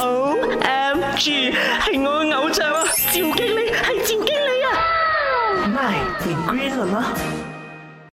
O M G，係我嘅偶像啊！趙經理，係趙經理啊！m 你 Green 啦。